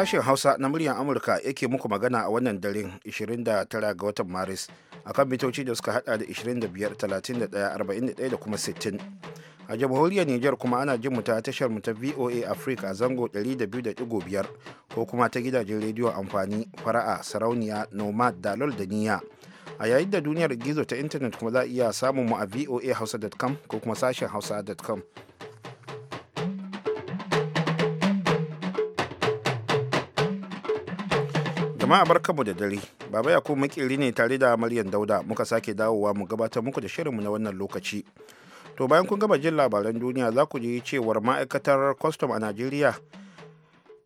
Sashen Hausa na muryar Amurka yake muku magana a wannan daren 29 ga watan Maris akan mitoci da suka hada da 25, 31, 41 da kuma 60. A jamhuriyar Nijar kuma ana jin mu ta tashar mu ta VOA Africa a zango 200.5 ko kuma ta gidajen rediyo amfani fara'a sarauniya nomad dalol da niyya. A yayin da duniyar gizo ta intanet kuma za a iya samun mu a VOA Hausa.com ko kuma sashen hausa.com. jama'a barkamu da dare baba yakub makiri ne tare da maryam dauda muka sake dawowa mu gabatar muku da shirinmu na wannan lokaci to bayan kun gama jin labaran duniya za ku ji cewar ma'aikatar kwastam a najeriya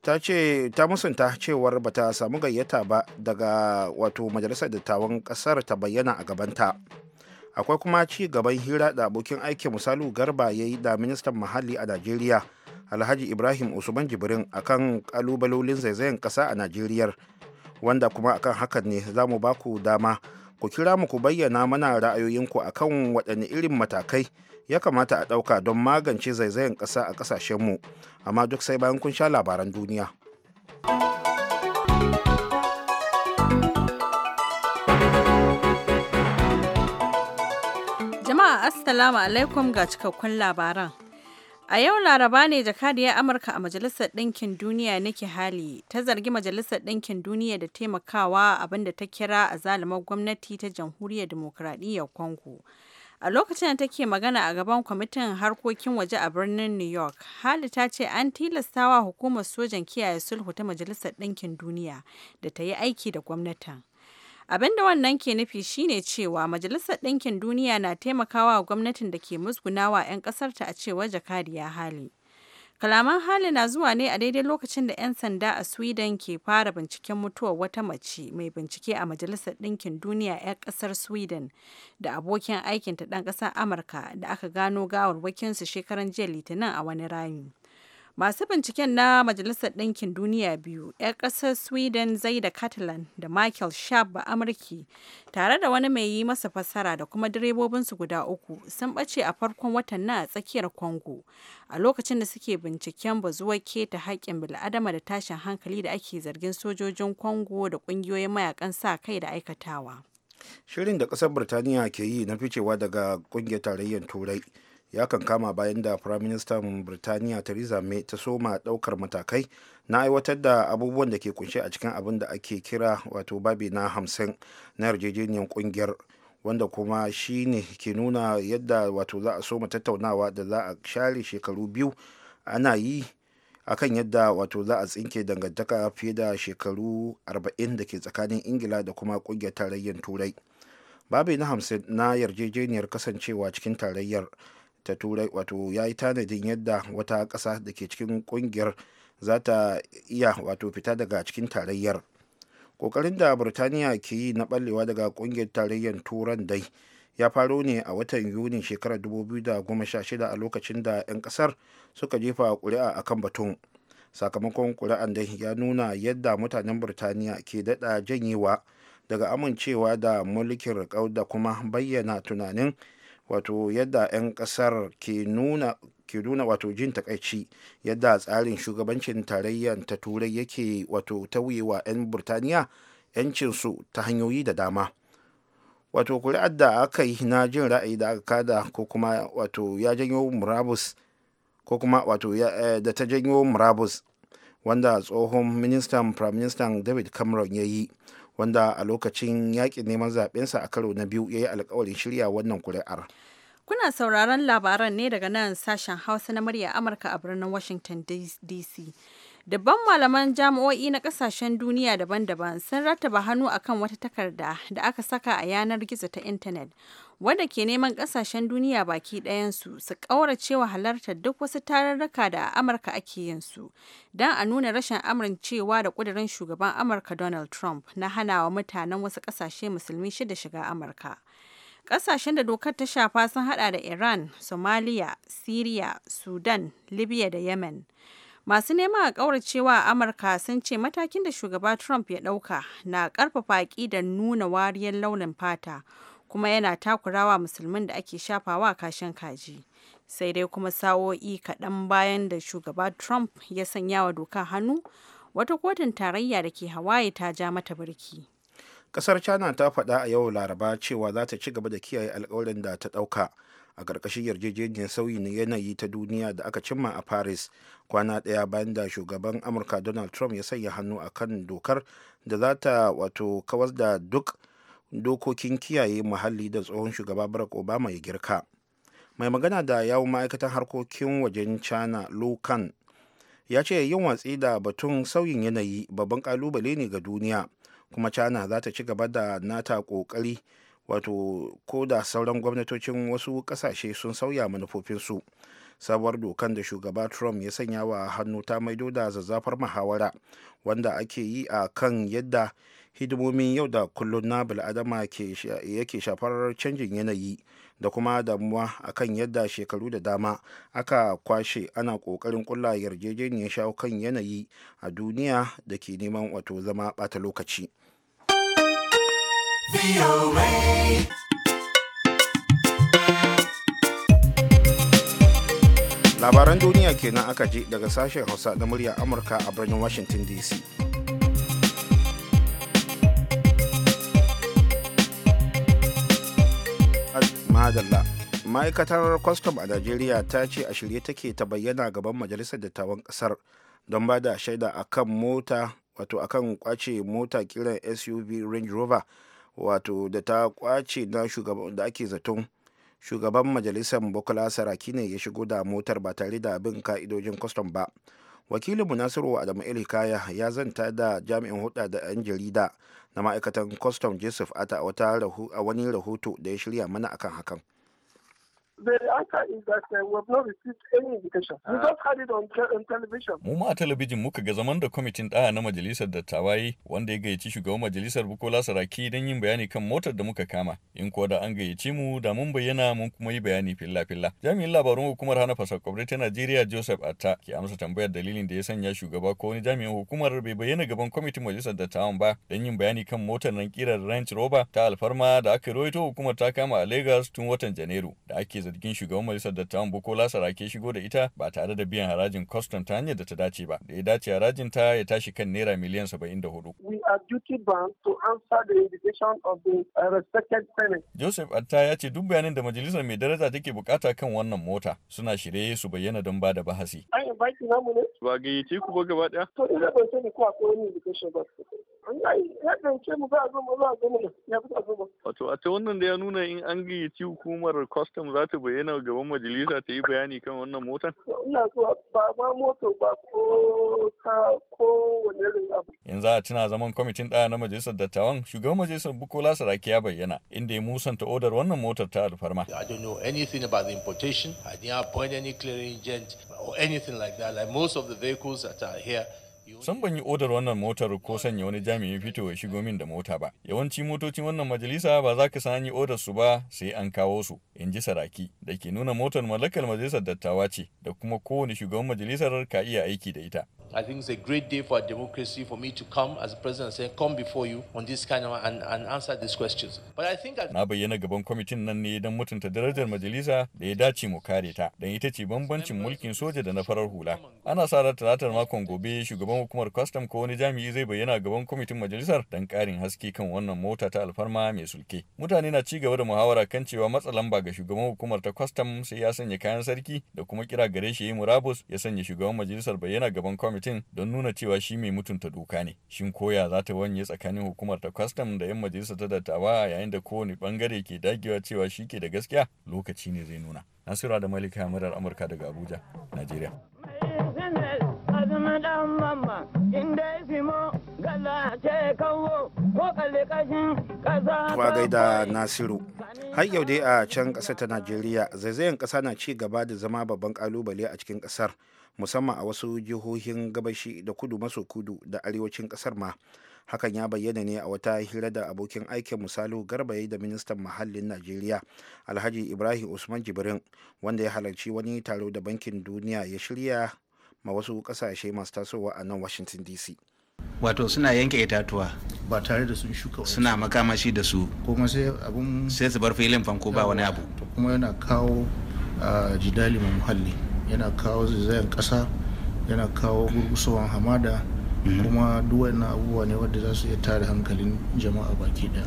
ta ce ta musanta cewar bata samu gayyata ba daga wato majalisar dattawan kasar ta bayyana a gabanta akwai kuma ci gaban hira da abokin aiki misalu garba ya yi da ministan muhalli a najeriya alhaji ibrahim usman jibrin akan kalubalolin zaizayen kasa a najeriyar wanda kuma akan hakan ne za mu baku dama ku kira mu ku bayyana mana ra'ayoyinku akan waɗanne irin matakai ya kamata a ɗauka don magance zaizayen ƙasa a ƙasashenmu amma duk sai bayan kun sha labaran duniya. Jama'a Assalamu alaikum ga cikakkun labaran. A yau Laraba ne jakadiyar Amurka a Majalisar Ɗinkin Duniya Nikki Hali ta zargi Majalisar Ɗinkin Duniya da taimakawa abin da ta kira a zalimar gwamnati ta Jamhuriyar Dimokuraɗiyyar Congo. A lokacin da take magana a gaban kwamitin harkokin waje a birnin New York, Hali ta ce an tilastawa hukumar sojan kiyaye sulhu ta Majalisar Ɗinkin Duniya da ta yi aiki da gwamnatin. abinda wannan ke nufi shine cewa Majalisar Ɗinkin Duniya na taimakawa gwamnatin da ke musgunawa 'yan ƙasarta a cewar jakadiya hali. Kalaman hali na zuwa ne a daidai lokacin da 'yan sanda a Sweden ke fara binciken mutuwar wata mace mai bincike a Majalisar Ɗinkin Duniya 'yan ƙasar Sweden da abokin aikinta ɗan ƙasar Amurka da aka gano gawarwakinsu shekaran jiya Litinin a wani rami. Masu binciken na Majalisar Ɗinkin Duniya biyu, 'yar ƙasar Sweden Zaida Catalan da Michael Sharp ba Amurki, tare da wani mai yi masa fassara da kuma direbobinsu guda uku, sun ɓace a farkon watan nan a tsakiyar Congo, a lokacin da suke binciken bazuwar keta haƙƙin bil'adama da tashin hankali da ake zargin sojojin Congo da ƙungiyoyin mayakan sa kai da aikatawa. Shirin da ƙasar Birtaniya ke yi na ficewa daga ƙungiyar tarayyar Turai. ya kankama bayan da firaministan birtaniya theresa may ta soma daukar matakai na aiwatar da abubuwan da ke kunshe a cikin abin da ake kira wato babi na hamsin na yarjejeniyar kungiyar wanda kuma shine ke nuna yadda wato za a soma tattaunawa da za a share shekaru biyu ana yi akan yadda wato za a tsinke dangantaka fiye da shekaru 40 da ke tsakanin ingila da kuma kungiyar tarayyar turai babi na hamsin na yarjejeniyar kasancewa cikin tarayyar ta turai wato ya yi tanadin yadda wata ƙasa da ke cikin ƙungiyar za ta iya wato fita daga cikin tarayyar ƙoƙarin da burtaniya ke yi na ɓallewa daga ƙungiyar tarayyar turan dai ya faro ne a watan yuni shekarar 2016 a lokacin da 'yan ƙasar suka jefa ƙuri'a kan batun sakamakon ƙuri'an dai ya nuna yadda mutanen burtaniya ke daɗa janyewa daga amincewa da mulkin rikau da kuma bayyana tunanin wato yadda 'yan kasar ke nuna ke nuna wato jin takaici yadda tsarin shugabancin tarayyar ta turai yake wato tauyewa 'yan burtaniya 'yancinsu ta hanyoyi da dama wato kuri'ar da aka yi na jin ra'ayi da aka kada ko kuma wato ya janyo murabus ko kuma wato eh, da ta janyo murabus wanda tsohon ministan prime david cameron ya yi wanda a lokacin yakin neman zaɓensa a karo na biyu ya yi alkawarin shirya wannan kuri'ar. Kuna sauraron labaran ne daga nan sashen Hausa na murya Amurka a birnin Washington DC. Dabban malaman jami'o'i na kasashen duniya daban-daban sun rattaba hannu akan wata takarda da aka saka a yanar gizo ta intanet wadda ke neman kasashen duniya baki ɗayansu su su ƙauracewa halartar duk wasu tararraka da a Amurka ake yin su don a nuna rashin amincewa da ƙudurin shugaban Amurka Donald Trump na hana wa mutanen wasu ƙasashe musulmi shida shiga Amurka. Ƙasashen da dokar ta shafa sun hada da Iran, Somalia, Syria, Sudan, Libya da Yemen. Masu neman a ƙauracewa a Amurka sun ce matakin da shugaba Trump ya ɗauka na ƙarfafa aƙidar nuna wariyar launin fata. kuma yana takurawa musulmin da ake shafawa kashin kaji sai dai kuma sa'o'i kaɗan bayan da shugaba trump ya sanya wa doka hannu wata kotun tarayya da ke hawaii ta ja mata birki kasar china ta faɗa a yau laraba cewa za ta ci gaba da kiyaye alkawarin da ta ɗauka a ƙarƙashin yarjejeniyar sauyi na yanayi ta duniya da aka cimma a paris kwana ɗaya bayan da shugaban amurka donald trump ya sanya hannu akan dokar da za ta wato kawar da duk dokokin kiyaye muhalli da tsohon shugaba barack obama ya girka mai magana da yawon ma'aikatan harkokin wajen china lokan ya ce yin watsi da batun sauyin yanayi babban kalubale ne ga duniya kuma china za ta ci gaba da nata kokari wato ko da sauran gwamnatocin wasu kasashe sun sauya manufofinsu sabuwar dokan da shugaba trump ya sanya wa hannu ta maido da zazzafar muhawara wanda ake yi a kan yadda hidimomin yau da kullum na bil'adama yake shafar canjin yanayi da kuma damuwa a kan yadda shekaru da dama aka kwashe ana kokarin kulla yarjejeniyar shawo kan yanayi a duniya da ke neman wato zama bata lokaci. labaran duniya kenan aka je daga sashen hausa na murya amurka a birnin washington dc madalla ma'aikatar kwastam a najeriya ta ce a shirye take ta bayyana gaban majalisar dattawan kasar don ba da shaida kan mota wato kan kwace mota kiran suv range rover wato da ta kwace na shugaban da ake zaton shugaban majalisar bukola saraki ne ya shigo da motar ba tare da bin ka'idojin kwastam ba wakilin nasiru adamu el ya zanta da jami'in hulɗa da 'yan jarida na ma'aikatan kwastam joseph ata a wani rahoto da ya shirya mana akan hakan The uh, ah. Mu ma a talabijin muka ga zaman da kwamitin ɗaya na majalisar dattawa yi wanda ya gayyaci shugaban majalisar Bukola Saraki don yin bayani kan motar da muka kama. In kuwa da an gayyaci mu da mun bayyana mun kuma yi bayani filla-filla. Jami'in labarun hukumar hana fasakwabre ta Najeriya Joseph Atta ke amsa tambayar dalilin da ya sanya shugaba ko wani jami'in hukumar bai bayyana gaban kwamitin majalisar dattawan ba don yin bayani kan motar nan kirar Range Rover ta alfarma da aka rawaito hukumar ta kama a Lagos tun watan Janairu da ake zargin shugaban majalisar dattawan Bukola Sarake shigo da ita ba tare da biyan harajin custom ta hanyar da ta dace ba. Da ya dace harajin ta ya tashi kan naira miliyan 74. We are duty bound to answer the invitation of the uh, respected Joseph Atta ya ce duk bayanin da majalisar mai daraja take bukata kan wannan mota suna shirye su bayyana don ba da bahasi. invite namu ne? Ba gayyace ku ba gaba daya. To ina Wato a ta wannan da ya nuna in an gayyaci hukumar custom za ta bayyana gaban majalisa ta yi bayani kan wannan motar? Ina zuwa ba ma moto ba ko ta ko wani irin abu. Yanzu a tuna zaman kwamitin ɗaya na majalisar dattawan shugaban majalisar Bukola Saraki ya bayyana inda ya musanta odar wannan motar ta alfarma. I don't know anything about the importation. I didn't appoint any clearing agent or anything like that. Like most of the vehicles that are here san ban yi odar wannan motar ko sanya wani jami'in fito ya shigo min da mota ba yawanci motocin wannan majalisa ba za ka san yi odar su ba sai an kawo su in ji saraki da ke nuna motar mallakar majalisar dattawa ce da kuma kowane shugaban majalisar ka iya aiki da ita I think it's a great day for democracy for me to come as a president and say, come before you on this kind of and, and answer these questions. But I think na bayyana gaban kwamitin nan ne don mutunta darajar majalisa da ya dace mu kare ta don ita ce bambancin mulkin soja da na farar hula. Ana sa ran talatar makon gobe shugaban hukumar kwastam ko wani jami'i zai bayyana gaban kwamitin majalisar don karin haske kan wannan mota ta alfarma mai sulke. Mutane na ci gaba da muhawara kan cewa matsa lamba ga shugaban hukumar ta kwastam sai ya sanya kayan sarki da kuma kira gare shi yi murabus ya sanya shugaban majalisar bayyana gaban kwamitin gwamnatin don nuna cewa shi mai mutunta doka ne shin koya za ta wanye tsakanin hukumar ta kwastam da yan majalisa ta dattawa yayin da kowane bangare ke dagewa cewa shi ke da gaskiya lokaci ne zai nuna nasira da malika murar amurka daga abuja najeriya azumi dan ko kalli kashin gaida nasiru har yau dai a can ƙasar ta najeriya zaizayen ƙasa na ci gaba da zama babban ƙalubale a cikin ƙasar musamman a wasu jihohin gabashi da kudu maso kudu da arewacin ƙasar ma hakan ya bayyana ne a wata hira da abokin aikin misalu garbaye da ministan muhallin najeriya alhaji ibrahim usman jibrin wanda ya halarci wani taro da bankin duniya ya shirya ma wasu ƙasashe masu tasowa a nan washington dc wato suna yanke itatuwa ba tare da sun shuka suna makamashi da su kuma sai abun sai su bar filin fanko ba wani abu to kuma yana kawo jidali mai muhalli yana kawo zaizayen kasa yana kawo gurgusawan hamada mm-hmm. kuma duk na abubuwa ne wanda za su iya tare hankalin jama'a baki daya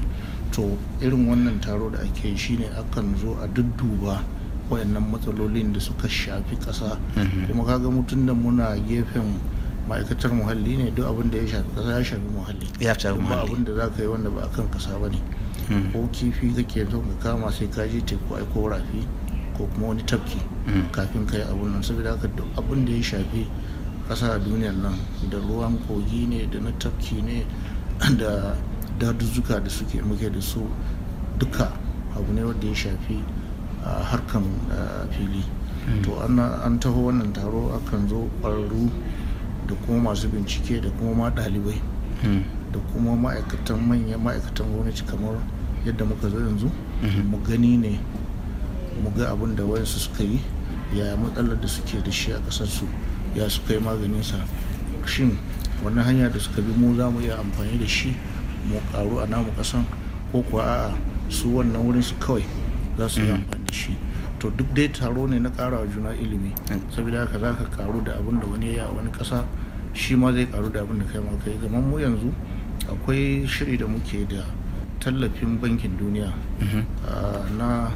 to irin wannan taro da ake shine akan zo a dudduba wayannan matsalolin da suka shafi kasa mm-hmm. kuma kaga mutum da muna gefen ma'aikatar muhalli ne duk abin da ya shafi kasa ya shafi muhalli ya shafi muhalli abin da za ka yi wanda ba a kan kasa ba ne hmm. ko kifi kake zo ka kama sai ka je teku ai ko rafi ko kuma wani tafki hmm. kafin ka yi abun nan saboda haka duk abin da ya shafi kasa a duniyar nan da ruwan kogi ne da na tafki ne da dazuzzuka da suke muke da su duka abu ne wanda ya shafi harkan fili hmm. to an taho wannan taro akan zo ƙwararru da kuma masu bincike da kuma ma ɗalibai hmm. da kuma ma'aikatan manyan ma'aikatan gwamnati kamar yadda muka zo yanzu hmm. mu gani ne mu ga abin da wayansu suka yi yaya matsalar da suke da shi a su ya suka yi sa shin wannan hanya da suka bi mu za mu iya amfani da shi mu karu a namu kasan ko kuwa a su wannan wurin su kawai za su yi hmm. amfani da shi to duk dai taro ne na ƙara juna ilimi saboda haka za ka karu da abin da wani ya a wani ƙasa shi ma zai karu da abin da kai ma kai kamar mu yanzu akwai shiri da muke da tallafin bankin duniya mhm. na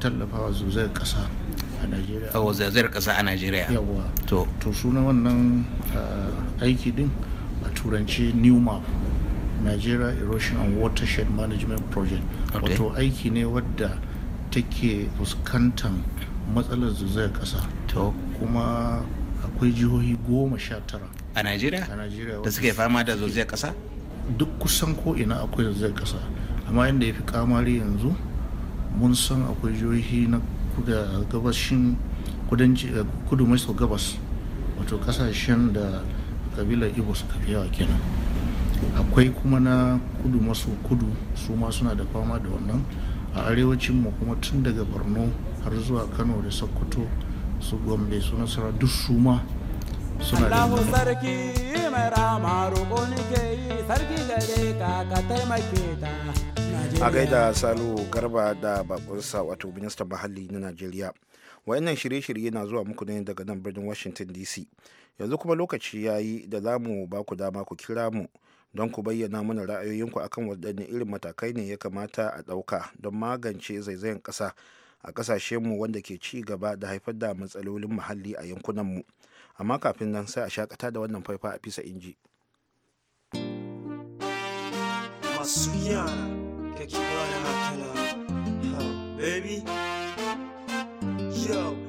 tallafawa zuzayar ƙasa a najeriya oh, zaizayar ƙasa a najeriya yawa to to suna wannan aiki din a turanci new map nigeria erosion and watershed management project wato aiki ne wadda take fuskantar matsalar zaizayar ƙasa to kuma akwai jihohi goma sha tara a najeriya da suke fama da zaizayar ƙasa duk kusan ko ina akwai zaizayar ƙasa amma inda ya fi kamari yanzu mun san akwai jihohi na gabashin eh, kudu maso gabas wato kasashen da kabilar ibo suka fi yawa kenan akwai kuma na kudu maso kudu su ma suna da fama da wannan a arewacin mu kuma tun daga borno har zuwa kano da sokoto su gombe su nasara duk su ma suna da sarki mai rama roƙo ke yi sarki gare ka ka taimake ta a gaida salu garba da bakunsa wato ministan muhalli na najeriya wayannan shirye-shirye na zuwa muku ne daga nan birnin washington dc yanzu kuma lokaci ya yi da za mu ba ku dama ku kira mu don ku bayyana mana ra'ayoyinku akan waɗanne irin matakai ne ya kamata a ɗauka don magance zaizayen ƙasa a ƙasashenmu wanda ke ci gaba da haifar da matsalolin muhalli a yankunanmu amma kafin nan sai a shakata da wannan faifa a fisa inji masu yara ka baby yo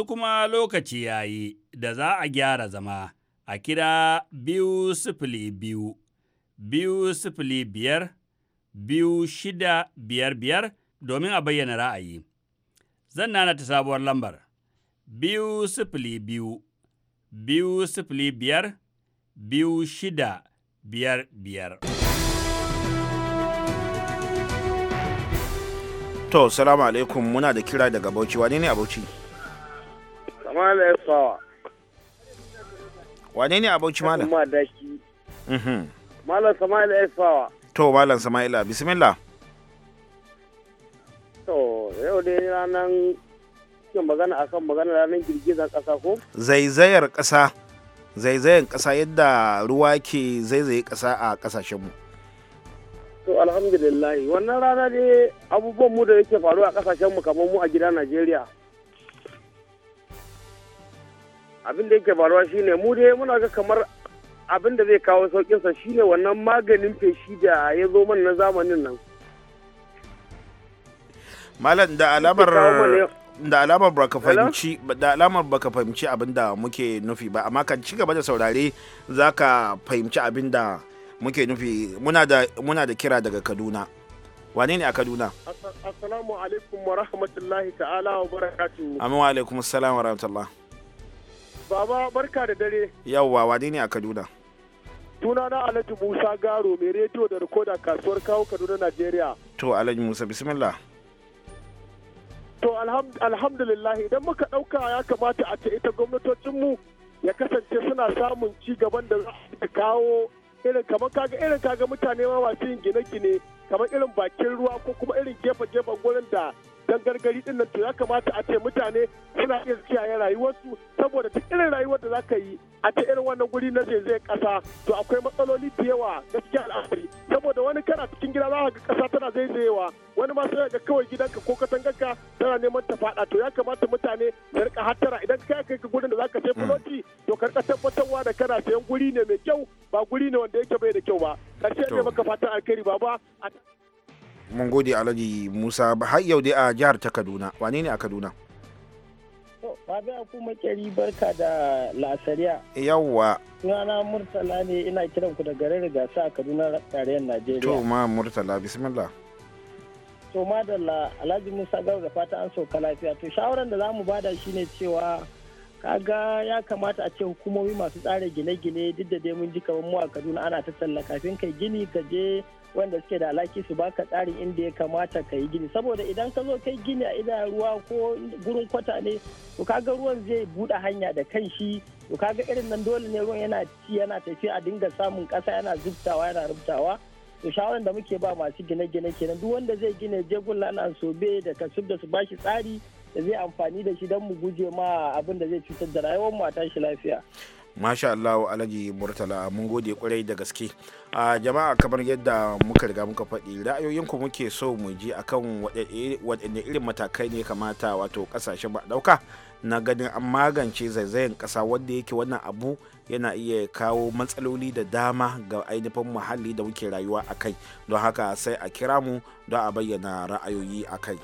yanzu kuma lokaci ya yi da za a gyara zama a kira biyu sifili biyu, biyu sifili biyar, biyu shida biyar biyar domin a bayyana ra'ayi. Zan nana ta sabuwar lambar, biyu sifili biyu, biyu sifili biyar, biyu shida biyar biyar. To, salamu alaikum muna da kira daga Bauchi, wani ne a Bauchi? Kamala ya sawa. Wane ne a Bauchi Malam? Kuma daki. Mhm. Malam Sama'ila ya sawa. To Malam Sama'ila bismillah. To yau dai ranar cikin magana akan magana ranar girgizar ƙasa ko? Zaizayar ƙasa. Zaizayen ƙasa yadda ruwa ke zaizaye ƙasa a kasashenmu To alhamdulillah wannan rana ne abubuwan mu da yake faruwa a ƙasashenmu kamar mu a gida Najeriya. abin da yake faruwa shine mu dai muna ga kamar abin da zai kawo saukinsa shine wannan maganin feshi da ya zo mana na zamanin nan malam da alamar da alamar baka fahimci da alamar baka fahimci abin da muke nufi ba amma kan ci gaba da saurare zaka fahimci abin da muke nufi muna da muna da kira daga Kaduna wane ne a Kaduna Assalamu alaikum wa rahmatullahi ta'ala wa barakatuhu Amma wa alaikum assalam wa rahmatullahi Baba barka da dare. Yawwa wani ne a Kaduna? Tuna na Alhaji Musa Garo mai rediyo da rikoda kasuwar kawo Kaduna Najeriya. To Alhaji Musa bismillah. To alhamdulillah idan muka ɗauka ya kamata a ce ita gwamnatocinmu ya kasance suna samun ci gaban da za kawo irin kamar kaga irin kaga mutane ma masu yin gine-gine kamar irin bakin ruwa ko kuma irin gefe-gefen gurin da dan gargari din nan to ya kamata a ce mutane suna iya kiyaye rayuwarsu saboda duk irin rayuwar da za ka yi a ce irin wannan guri na zai kasa to akwai matsaloli da yawa gaskiya al'amari saboda wani kana cikin gida za ka ga kasa tana zai zaizayewa wani ma sai ga kawai gidanka ko katangarka tana neman ta faɗa to ya kamata mutane su rika hattara idan ka kai ka gurin da ka sai mm. fuloti to ka rika tabbatarwa da kana sayan guri ne mai kyau ba guri ne wanda yake bai da kyau ba karshe ne maka fatan alkhairi baba mun gode alhaji musa ba har yau dai a jihar ta kaduna wane ne a kaduna Babi kuma kyari barka da lasariya. Eh, yawwa. Sunana Murtala ne ina kiran ku da garin gasa a Kaduna tarayyar Najeriya. To ma Murtala bismillah. To da Alhaji Musa gaba da fata an sauka lafiya. To shawaran da za mu bada shine cewa kaga ya kamata a ce hukumomi masu tsara gine-gine duk da dai mun ji kamar mu a Kaduna ana ta talla kafin kai gini ka je wanda suke da alaki su baka tsarin inda ya kamata ka yi gini saboda idan ka zo kai gini a idan ruwa ko gurin kwata ne to kaga ruwan zai buɗe hanya da kan shi to kaga irin nan dole ne ruwan yana ci yana tafiya a dinga samun kasa yana zubtawa yana rubtawa to shawaran da muke ba masu gine-gine kenan duk wanda zai gina je gulla sobe da kasub da su bashi tsari da zai amfani da shi don mu guje ma abin da zai cutar da rayuwar mu a tashi lafiya. masha allahu alhaji murtala mun gode kwarai da gaske a jama'a kamar yadda muka riga muka faɗi ra'ayoyinku muke so mu ji akan eh, waɗanne irin matakai ne kamata wato ƙasashe ba ɗauka na ganin an magance zaizayen ƙasa wanda yake wannan abu yana iya kawo matsaloli da dama ga ainihin muhalli da muke rayuwa a kai don haka sai a kira mu don a bayyana ra'ayoyi a kai.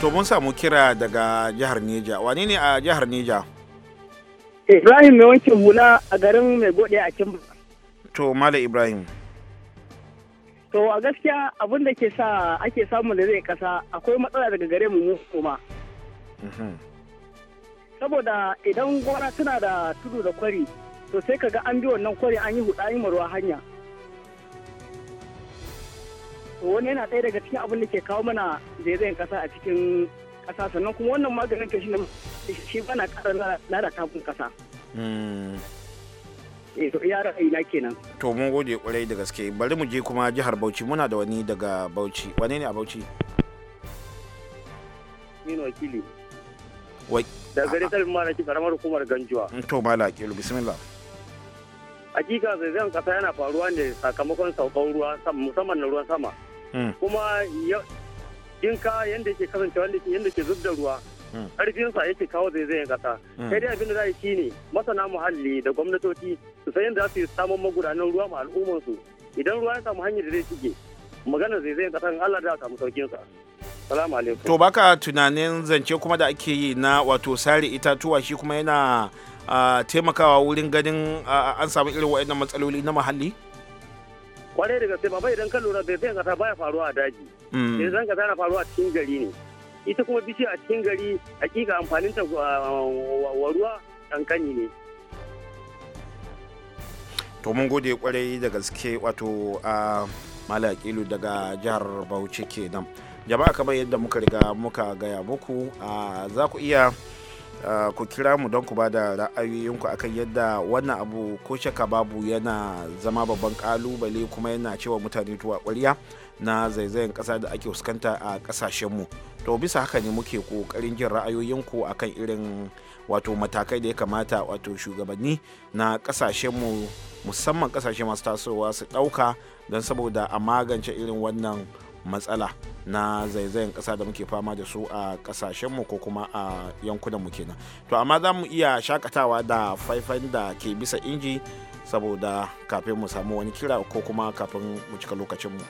to mun samu kira daga jihar neja wani ne a jihar neja eh, ibrahim mai wanke hula a garin mai gode a kimba to mala ibrahim to a gaskiya abin da ke sa ake samun da zai kasa akwai matsala daga gare mu mu kuma mhm. saboda idan gora tana da tudu da kwari to sai ka ga an bi wannan kwari an yi huda yi maruwa hanya wani yana ɗaya daga cikin abin da ke kawo mana zaizayen ƙasa a cikin ƙasa sannan kuma wannan maganin ta shi shi ba na ƙara lalata kun ƙasa. Hmm. Eh to iya ra'ayi na kenan. To mun gode ƙwarai da gaske bari mu je kuma jihar Bauchi muna da wani daga Bauchi wane ne a Bauchi? Ni wakili. Wai. Da gari talin mara ki karamar hukumar Ganjuwa. Hmm, to mala kilu bismillah. Hakika zaizayen ƙasa yana faruwa ne sakamakon saukan ruwa musamman na ruwan sama. Hmm. kuma jinka yadda ke kasancewa yadda ke zub da ruwa hmm. ƙarfinsa yake kawo zaizayen kasa sai hmm. dai abin da za a shi ne masana muhalli da gwamnatoci su san yadda za su yi samun magudanan ruwa ma al'ummarsu idan ruwa ya samu hanyar da zai shige magana zaizayen kasa Allah da samu sauƙinsa salamu alaikum to baka tunanin zance kuma da ake yi na wato sare itatuwa shi kuma yana ah, taimakawa wurin ganin ah, an samu irin waɗannan matsaloli na muhalli kwarai da gaske babai idan ka lura zai kasa baya faruwa a daji zaizayen mm. kasa na faruwa a cikin gari ne ita kuma bishiya a cikin gari hakika amfanin ta ah, wa ruwa kankani ne to mun gode kwarai da gaske wato a ah, malakilu daga jihar bauchi kenan jama'a kamar yadda muka riga muka gaya muku ah, za ku iya ku kira mu don ku ba da ra'ayoyinku akan yadda wannan abu ko shaka babu yana zama babban kalubale kuma yana cewa mutane tuwa ƙwarya na zaizayen ƙasa da ake fuskanta a ƙasashenmu to bisa haka ne muke ƙoƙarin jin ra'ayoyinku akan irin wato matakai da ya kamata wato shugabanni na ƙasashenmu musamman ƙasashe masu tasowa su ɗauka don saboda a magance irin wannan matsala na zaizayen ƙasa da muke fama da su a ƙasashenmu ko kuma a yankunan yankunanmu kenan to amma za mu iya shakatawa da faifan da ke bisa inji saboda kafin mu samu wani kira ko kuma kafin mu cika lokacinmu.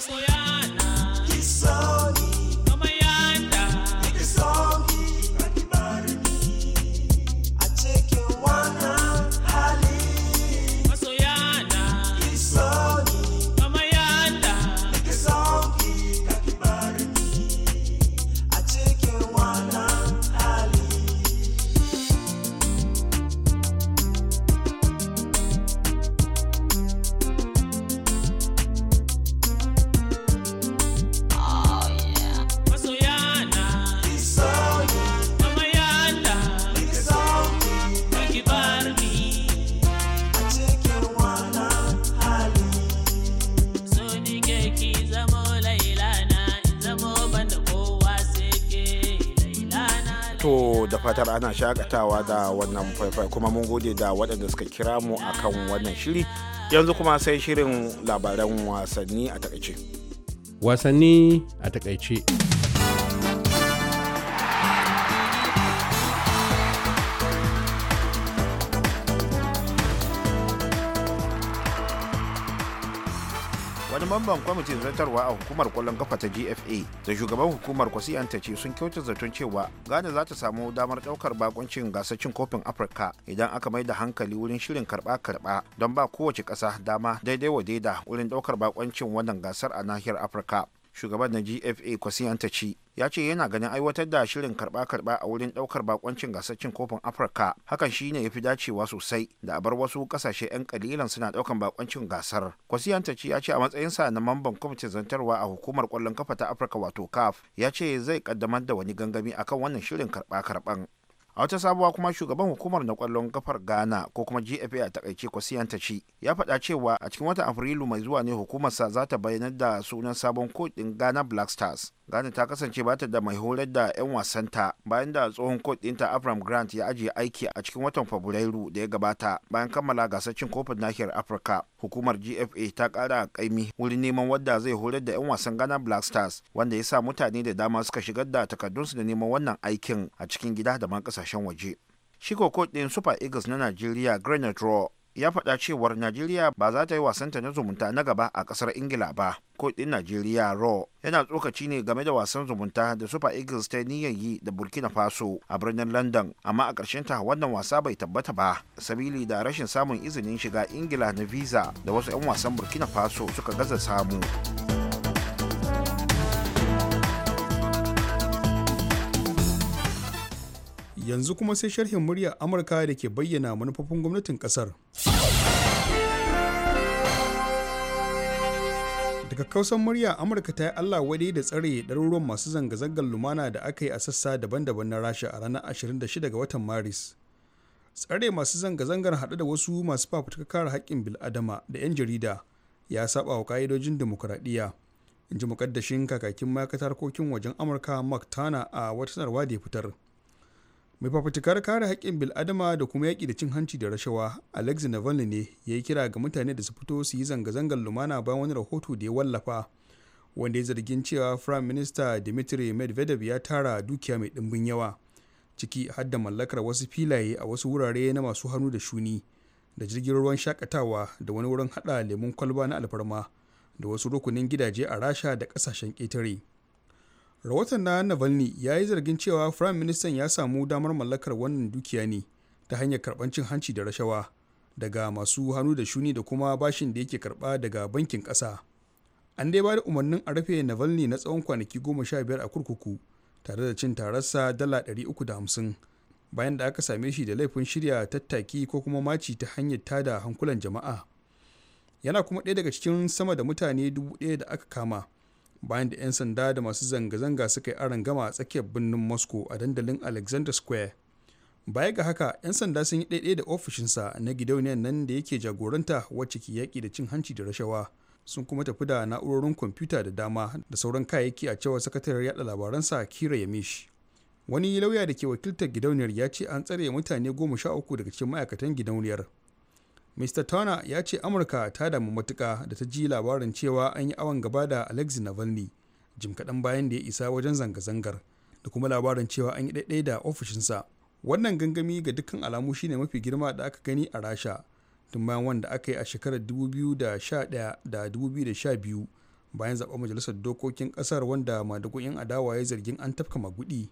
slow, yeah. shakatawa da wannan faifai kuma mun gode da waɗanda suka kira mu a kan wannan shiri yanzu kuma sai shirin labaran wasanni a takaice wasanni a takaice mamban kwamitin zartarwa a hukumar kwallon kafa ta gfa da shugaban hukumar kwasiyanta ce sun kyauta zaton cewa ghana za ta samu damar daukar bakuncin gasar cin kofin afirka idan aka mai da hankali wurin shirin karba karba don ba kowace kasa dama daidai wa daida wurin daukar bakuncin wannan gasar a nahiyar afirka shugaban na gfa kwasiyanta ce ya ce yana ganin aiwatar da shirin karba-karba a wurin daukar bakoncin gasar cin kofin afirka hakan shine ya fi dacewa sosai da a bar wasu kasashe 'yan kalilan suna daukan bakoncin gasar kwasiyantaci ya ce a sa na mamban kwamitin zantarwa a hukumar kwallon kafa ta afirka wato caf ya ce zai kaddamar da wani gangami akan wannan shirin karba-karban a wata sabuwa kuma shugaban hukumar na kwallon kafar ghana ko kuma gfa a takaice kwasiyantaci ya faɗa cewa a cikin watan afrilu mai zuwa ne hukumarsa za ta bayyanar da sunan sabon kodin ghana black stars ghana ta kasance bata da mai horar da 'yan wasanta bayan da tsohon ta abraham grant ya ajiye aiki a cikin watan fabrairu da ya gabata bayan kammala gasar cin kofin nahiyar afirka hukumar gfa ta kara kaimi wurin neman wadda zai horar da 'yan wasan ghana black stars wanda ya sa mutane da dama suka shigar da takardunsu da neman wannan aikin a cikin gida da ma kasashen waje shi koko ɗin super eagles na nigeria granite raw ya faɗa cewar najeriya ba za ta yi wasanta na zumunta na gaba a ƙasar ingila ba ko kudin najeriya raw yana tsokaci ne game da wasan zumunta da super eagles ta niyyar yi da burkina faso a birnin london amma a ƙarshen ta wannan wasa bai tabbata ba sabili da rashin samun izinin shiga ingila na visa da wasu 'yan wasan burkina faso suka gaza samu yanzu kuma sai sharhin muryar amurka da ke bayyana manufofin gwamnatin kasar. daga kausan murya amurka ta yi allah wadai da tsare ɗaruruwan masu zanga-zangar lumana da aka yi a sassa daban-daban na rasha a ranar 26 ga watan maris tsare masu zanga-zangar haɗe da wasu masu fafutuka kare haƙƙin bil'adama da 'yan jarida ya saba wa ƙa'idojin dimokuraɗiyya in ji mukaddashin kakakin ma'aikatar harkokin wajen amurka mark tana a wata sanarwa da ya fitar mai fafutukar kare haƙƙin bil'adama da kuma yaƙi da cin hanci da rashawa alexi navalny ne ya yi kira ga mutane da su fito su yi zanga-zangar lumana bayan wani rahoto da ya wallafa wanda ya zargin cewa prime minister dmitry medvedev ya tara dukiya mai ɗimbin yawa ciki har da mallakar wasu filaye a wasu wurare na masu hannu da shuni da jirgin ruwan shakatawa da wani wurin hada lemun kwalba na alfarma da wasu rukunin gidaje a rasha da ƙasashen ƙetare rahoton na navalny ya yi zargin cewa firayim ministan ya samu damar mallakar wannan dukiya ne ta hanyar karɓar cin hanci da rashawa daga masu hannu da shuni da kuma bashin da yake karɓa daga bankin ƙasa an dai ba da umarnin a rufe navalny na tsawon kwanaki goma sha biyar a kurkuku tare da cin tararsa dala ɗari uku da hamsin bayan da aka same shi da laifin shirya tattaki ko kuma maci ta hanyar tada hankulan jama'a yana kuma ɗaya daga cikin sama da mutane dubu ɗaya da aka kama bayan da 'yan sanda da masu zanga-zanga suka yi aron gama a tsakiyar birnin moscow a dandalin alexander square baya ga haka 'yan sanda sun yi ɗaiɗai da ofishinsa na gidauniyar nan da yake jagoranta wacce ke yaƙi da cin hanci da rashawa sun kuma tafi da na'urorin kwamfuta da dama da sauran kayayyaki a cewar sakataren yada labaransa kira yamish wani lauya da ke wakiltar gidauniyar ya ce an tsare mutane goma sha uku daga cikin ma'aikatan gidauniyar mr turner ya ce amurka ta damu matuka da ta ji labarin cewa an yi awon gaba da alexei navalny jim kaɗan bayan da ya isa wajen zanga-zangar da kuma labarin cewa an yi ɗaiɗai da ofishinsa wannan gangami ga dukkan alamu shine mafi girma da aka gani a rasha tun bayan wanda aka yi a shekarar 2011 da 2012 bayan zaɓen majalisar dokokin ƙasar wanda madagoyin adawa ya zargin an tafka maguɗi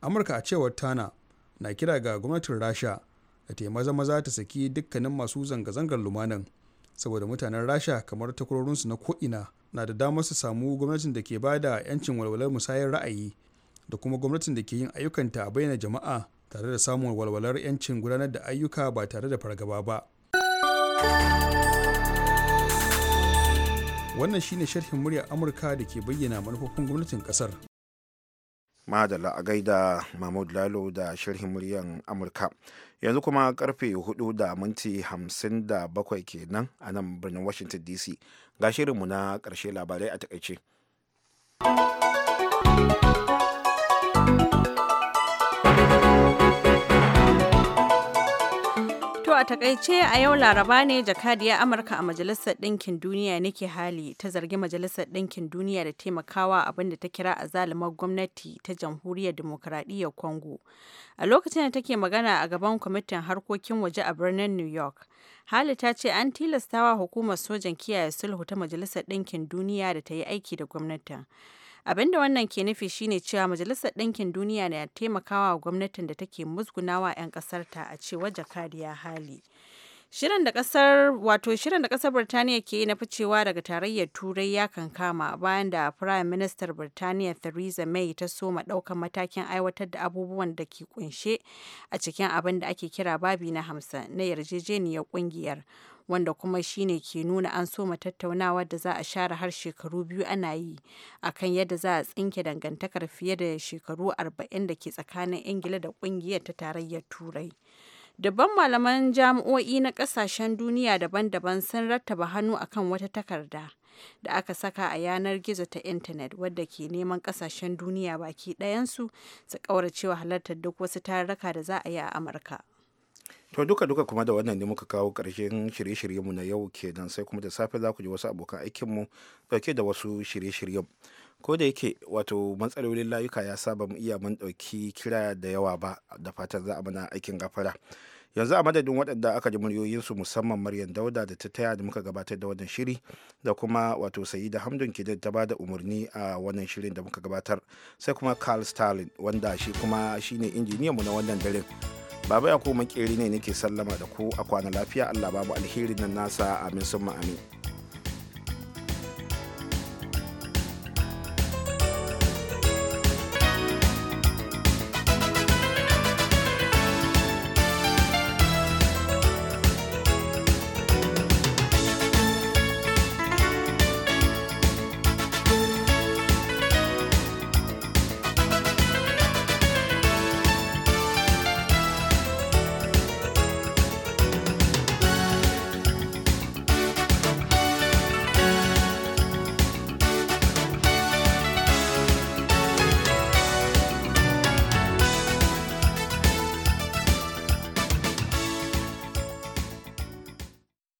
amurka a cewar tana na kira ga gwamnatin rasha da ta maza maza ta saki dukkanin masu zanga-zangar lumanan saboda mutanen rasha kamar takwarorinsu na ko'ina na da damar su samu gwamnatin da ke ba da 'yancin walwalar musayar ra'ayi da kuma gwamnatin da ke yin ayyukanta a bayyana jama'a tare da samun walwalar 'yancin gudanar da ayyuka ba tare da fargaba ba wannan shine sharhin murya amurka da ke bayyana manufofin gwamnatin kasar madala a gaida mahmud lalo da sharhin muryan amurka yanzu kuma karfe 4 da minti 57 kenan a nan birnin washington dc ga shirinmu na karshe labarai a takaice. a takaice a yau laraba ne jakadiyar Amurka a Majalisar Ɗinkin Duniya nake hali ta zargi Majalisar Ɗinkin Duniya da taimakawa abin da ta kira a zalimar gwamnati ta Jamhuriyar Demokuraɗiyyar Congo. A lokacin da take magana a gaban kwamitin harkokin waje a birnin New York, Hali ta ce an tilastawa hukumar sojan kiyaye sulhu ta Majalisar Ɗinkin Duniya da ta yi aiki da gwamnatin. abinda wannan ke nufi shine cewa majalisar ɗinkin duniya na taimakawa gwamnatin da take musgunawa 'yan ƙasarta a cewar jakadiya hali Shirin da kasar wato shirin da kasar Birtaniya ke na ficewa daga tarayyar Turai ya kankama bayan da Prime Minister Birtaniya Theresa May ta soma daukan matakin aiwatar da abubuwan da ke kunshe a cikin abin da ake kira babi na hamsin na yarjejeniyar kungiyar wanda kuma shine ke nuna an soma tattaunawa da za a share har shekaru biyu ana yi akan yadda za a tsinke dangantakar fiye da shekaru 40 da ke tsakanin Ingila da kungiyar ta tarayyar Turai. Dabban malaman jami'o'i na kasashen duniya daban-daban sun rattaba hannu akan wata takarda da aka saka a yanar gizo ta intanet wadda ke neman kasashen duniya baki ɗayansu su cewa halartar duk wasu tarurruka da za a yi a Amurka. To duka-duka kuma da wannan ne muka kawo ƙarshen shirye-shiryenmu na yau kenan sai kuma da safe za ku ji wasu abokan aikinmu dauke da wasu shirye-shiryen. ko da yake wato matsalolin layuka ya saba mu iya mun dauki kira da yawa ba da fatan za a mana aikin gafara yanzu a madadin waɗanda aka ji muryoyinsu musamman maryam dauda da ta taya da muka gabatar da wannan shiri da kuma wato sayi da hamdun kidid ta bada umarni a wannan shirin da muka gabatar sai kuma carl stalin wanda shi kuma shine mu na wannan daren baba ya makeri ne nake sallama da ku a kwana lafiya allah babu alherin nan nasa amin summa amin